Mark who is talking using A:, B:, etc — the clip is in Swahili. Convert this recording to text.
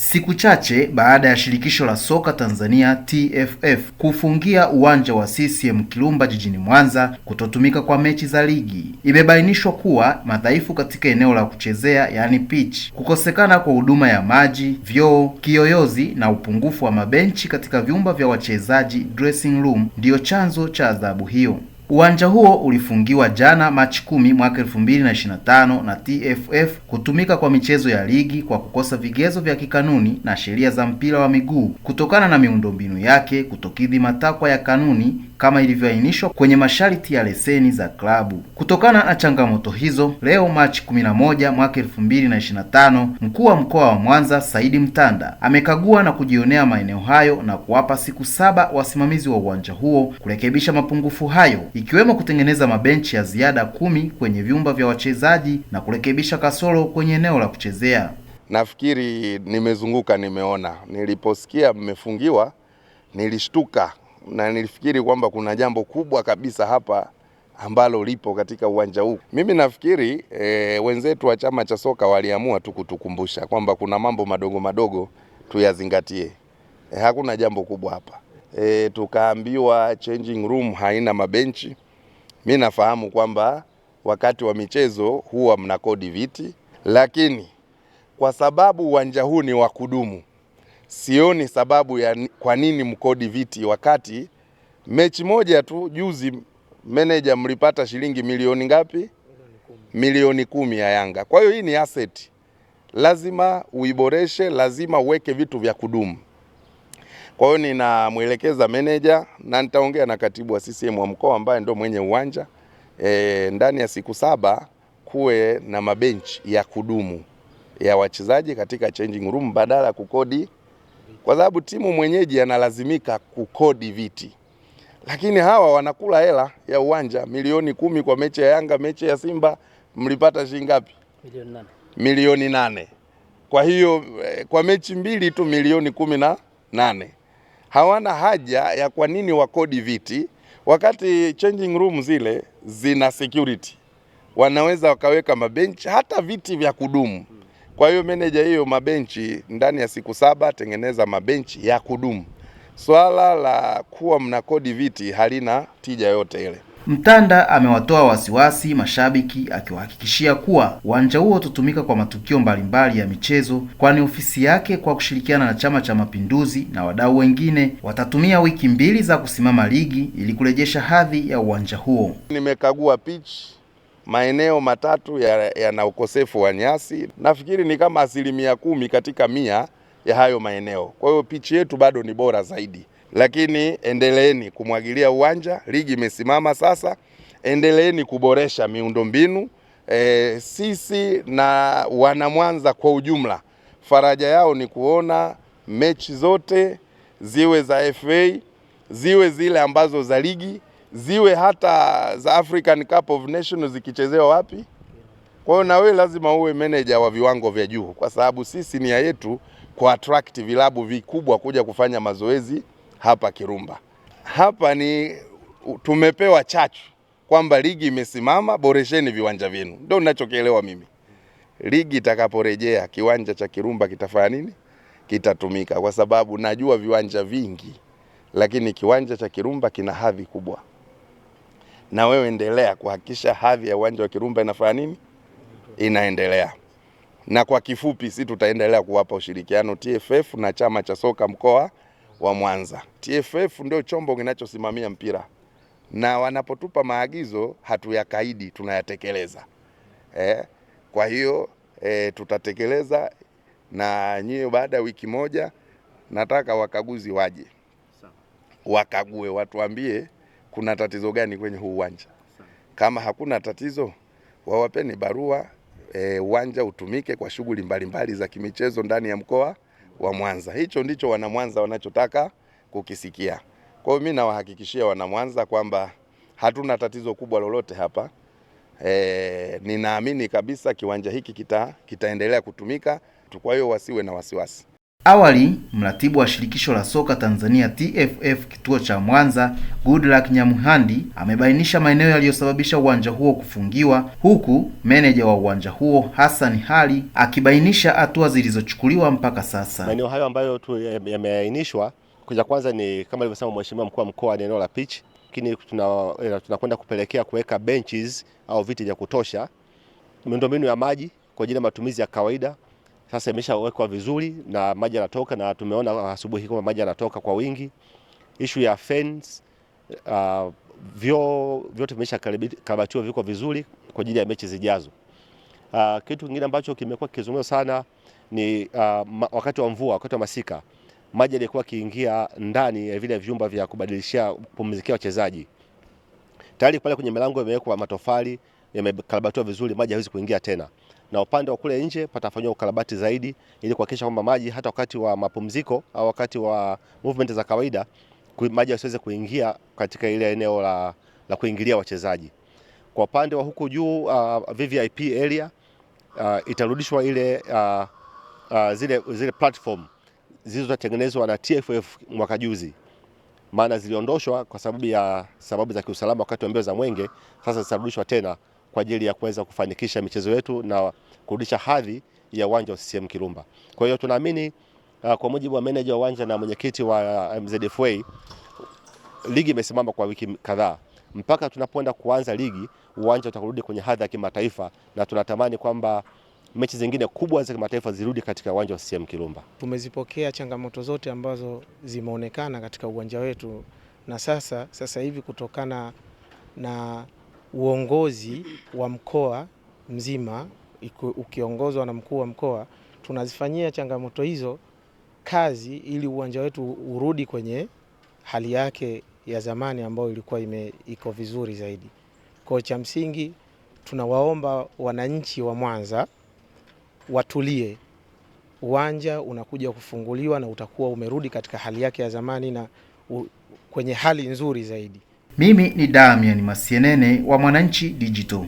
A: Siku chache baada ya shirikisho la soka Tanzania TFF kufungia uwanja wa CCM Kirumba jijini Mwanza kutotumika kwa mechi za ligi, imebainishwa kuwa madhaifu katika eneo la kuchezea yaani pitch, kukosekana kwa huduma ya maji, vyoo, kiyoyozi na upungufu wa mabenchi katika vyumba vya wachezaji dressing room ndiyo chanzo cha adhabu hiyo. Uwanja huo ulifungiwa jana Machi kumi mwaka tano na TFF kutumika kwa michezo ya ligi kwa kukosa vigezo vya kikanuni na sheria za mpira wa miguu kutokana na miundombinu yake kutokidhi matakwa ya kanuni kama ilivyoainishwa kwenye masharti ya leseni za klabu. Kutokana na changamoto hizo, leo Machi 11 mwaka 2025, mkuu wa mkoa wa Mwanza Saidi Mtanda amekagua na kujionea maeneo hayo na kuwapa siku saba wasimamizi wa uwanja huo kurekebisha mapungufu hayo, ikiwemo kutengeneza mabenchi ya ziada kumi kwenye vyumba vya wachezaji na kurekebisha kasoro kwenye eneo la kuchezea.
B: Nafikiri nimezunguka, nimeona, niliposikia mmefungiwa nilishtuka na nilifikiri kwamba kuna jambo kubwa kabisa hapa ambalo lipo katika uwanja huu. Mimi nafikiri e, wenzetu wa chama cha soka waliamua tu kutukumbusha kwamba kuna mambo madogo madogo tuyazingatie. E, hakuna jambo kubwa hapa. E, tukaambiwa changing room haina mabenchi. Mi nafahamu kwamba wakati wa michezo huwa mnakodi viti, lakini kwa sababu uwanja huu ni wa kudumu sioni sababu ya kwa nini mkodi viti wakati mechi moja tu juzi meneja mlipata shilingi milioni ngapi? Milioni kumi ya Yanga. Kwa hiyo hii ni asset, lazima uiboreshe, lazima uweke vitu vya kudumu. Kwa hiyo ninamwelekeza meneja na nitaongea na katibu wa CCM wa mkoa ambaye ndo mwenye uwanja e, ndani ya siku saba kuwe na mabenchi ya kudumu ya wachezaji katika changing room badala ya kukodi kwa sababu timu mwenyeji analazimika kukodi viti, lakini hawa wanakula hela ya uwanja milioni kumi kwa mechi ya Yanga. Mechi ya Simba mlipata shilingi ngapi? Milioni nane. Milioni nane. Kwa hiyo eh, kwa mechi mbili tu milioni kumi na nane. Hawana haja ya kwa nini wakodi viti wakati changing room zile zina security, wanaweza wakaweka mabenchi hata viti vya kudumu. Kwa hiyo meneja hiyo, mabenchi ndani ya siku saba tengeneza mabenchi ya kudumu. Swala la kuwa mnakodi viti halina tija yote ile.
A: Mtanda amewatoa wasiwasi mashabiki akiwahakikishia kuwa uwanja huo utatumika kwa matukio mbalimbali ya michezo, kwani ofisi yake kwa kushirikiana na Chama cha Mapinduzi na wadau wengine watatumia wiki mbili za kusimama ligi ili kurejesha hadhi ya uwanja huo.
B: Nimekagua pitch maeneo matatu yana ya ukosefu wa nyasi, nafikiri ni kama asilimia kumi katika mia ya hayo maeneo. Kwa hiyo pichi yetu bado ni bora zaidi, lakini endeleeni kumwagilia uwanja. Ligi imesimama sasa, endeleeni kuboresha miundombinu. E, sisi na wanamwanza kwa ujumla faraja yao ni kuona mechi zote ziwe za FA ziwe zile ambazo za ligi ziwe hata za African Cup of Nations zikichezewa wapi. Kwa hiyo na wewe lazima uwe manager wa viwango vya juu, kwa sababu sisi nia yetu ku attract vilabu vikubwa kuja kufanya mazoezi hapa Kirumba. Hapa ni tumepewa chachu kwamba ligi imesimama, boresheni viwanja vyenu. Ndio ninachokielewa mimi. Ligi itakaporejea kiwanja cha Kirumba kitafanya nini? Kitatumika, kwa sababu najua viwanja vingi, lakini kiwanja cha Kirumba kina hadhi kubwa na wewe endelea kuhakikisha hadhi ya uwanja wa Kirumba inafanya nini, inaendelea. Na kwa kifupi, si tutaendelea kuwapa ushirikiano TFF na chama cha soka mkoa wa Mwanza. TFF ndio chombo kinachosimamia mpira na wanapotupa maagizo hatuyakaidi, tunayatekeleza eh. Kwa hiyo eh, tutatekeleza na nyie. Baada ya wiki moja nataka wakaguzi waje wakague, watuambie kuna tatizo gani kwenye huu uwanja. Kama hakuna tatizo, wawapeni barua e, uwanja e, utumike kwa shughuli mbalimbali za kimichezo ndani ya mkoa wa Mwanza. Hicho ndicho wana Mwanza wanachotaka kukisikia. Kwa hiyo mimi nawahakikishia wana Mwanza kwamba hatuna tatizo kubwa lolote hapa. E, ninaamini kabisa kiwanja hiki kita, kitaendelea kutumika. Kwa hiyo wasiwe na wasiwasi.
A: Awali mratibu wa shirikisho la soka Tanzania TFF kituo cha Mwanza Goodluck Nyamuhandi amebainisha maeneo yaliyosababisha uwanja huo kufungiwa, huku meneja wa uwanja huo Hassan Hali akibainisha hatua zilizochukuliwa mpaka sasa.
C: Maeneo hayo ambayo yameainishwa, ya kwanza ni kama alivyosema mheshimiwa mkuu wa mkoa ni eneo la pitch, lakini eh, tunakwenda tuna kupelekea kuweka benches au viti vya kutosha, miundombinu ya maji kwa ajili ya matumizi ya kawaida sasa imeshawekwa vizuri na maji yanatoka, na tumeona asubuhi kwamba maji yanatoka kwa wingi. Ishu ya fence uh, vyoo vyote vimeshakarabatiwa viko vizuri kwa ajili ya mechi zijazo. Uh, kitu kingine ambacho kimekuwa kikizungumzwa sana ni uh, wakati wa mvua, wakati wa masika maji yalikuwa kiingia ndani ya vile vyumba vya kubadilishia kupumzikia wachezaji. Tayari pale kwenye milango imewekwa matofali, yamekarabatiwa vizuri, maji hayawezi kuingia tena na upande wa kule nje patafanywa ukarabati zaidi ili kuhakikisha kwamba maji hata wakati wa mapumziko au wakati wa movement za kawaida maji yasiweze kuingia katika ile eneo la, la kuingilia wachezaji. Kwa upande wa huku juu uh, VVIP area uh, itarudishwa ile uh, uh, zile, zile platform zilizotengenezwa na TFF mwaka juzi, maana ziliondoshwa kwa sababu ya sababu za kiusalama wakati wa mbio za mwenge. Sasa zitarudishwa tena kwa ajili ya kuweza kufanikisha michezo yetu na kurudisha hadhi ya uwanja wa CCM Kirumba. Kwa hiyo tunaamini uh, kwa mujibu wa meneja wa uwanja na mwenyekiti wa uh, MZFA, ligi imesimama kwa wiki kadhaa mpaka tunapoenda kuanza ligi, uwanja utarudi kwenye hadhi ya kimataifa, na tunatamani kwamba mechi zingine kubwa za kimataifa zirudi katika uwanja wa CCM Kirumba.
D: Tumezipokea changamoto zote ambazo zimeonekana katika uwanja wetu, na sasa sasa hivi kutokana na uongozi wa mkoa mzima ukiongozwa na mkuu wa mkoa tunazifanyia changamoto hizo kazi ili uwanja wetu urudi kwenye hali yake ya zamani ambayo ilikuwa ime, iko vizuri zaidi. Kwa cha msingi tunawaomba wananchi wa Mwanza watulie, uwanja unakuja kufunguliwa na utakuwa umerudi katika hali yake ya zamani na u, kwenye hali nzuri zaidi.
A: Mimi ni Damian Masienene wa Mwananchi Digital.